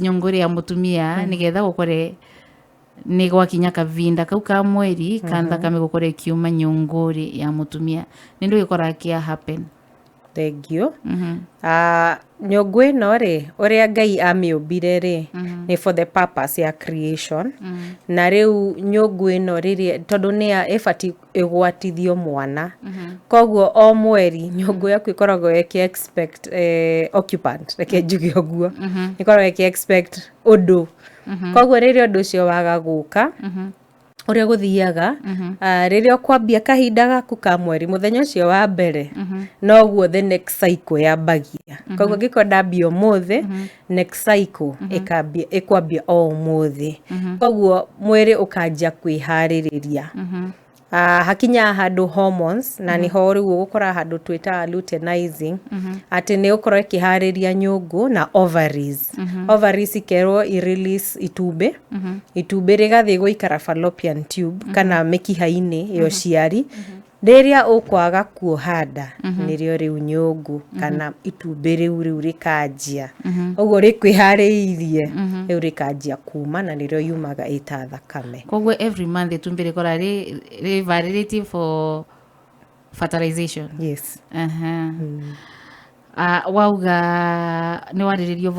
nyongore ya mutumia mm. nigetha gukore ni gwakinya kavinda kau ka mweri mm -hmm. kana thakame gukore kiuma nyongore ya mutumia ni ndu gikora kia happen thengio mm-hmm. ah, nyũngũ ĩno rĩ ũrĩa ngai amĩũmbire rĩ mm-hmm. nĩ for the purpose ya creation mm-hmm. na rĩu nyũngũ ĩno rĩrĩa tondũ nĩa ĩbati ĩgwatithio mwana koguo o mweri nyũngũ yaku ĩkoragwo ĩki expect eh, occupant reke njuge ũguo ĩkoragwo ĩki expect ũndũ koguo rĩrĩa ũndũ ũcio waga gũka rä guthiaga mm-hmm. ah, riria kwambia kahinda gaku ka mweri å cio wa mbere mm-hmm. noguo the next cycle yambagia mm-hmm. koguo ngiko ndambia umuthi next cycle ä kwambia o thä koguo harä rä ria uh, hakinya handu hormones mm -hmm. na niho mhm. riu ugukora handu twitaga luteinizing mm -hmm. ati ni ukorwo ikihariria nyungu na ovaries mm -hmm. ovaries ikerwo irelease itumbi mm -hmm. itumbi rigathii ikara fallopian tube mm -hmm. kana mikiha-ini ya uciari mhm. mm -hmm rĩrĩa ũkwaga kuoha nda u nyå ngå kana rä rĩu rĩu rĩkanjia rä mhm. rĩkwĩharĩirie mhm. rĩu rĩkanjia kuma na nĩrĩo yumaga ĩta thakame koguo every month itumbĩ rä rĩvarĩrĩtie for fertilization yes uh -huh. mm. uh, wauga nĩ warĩrĩrio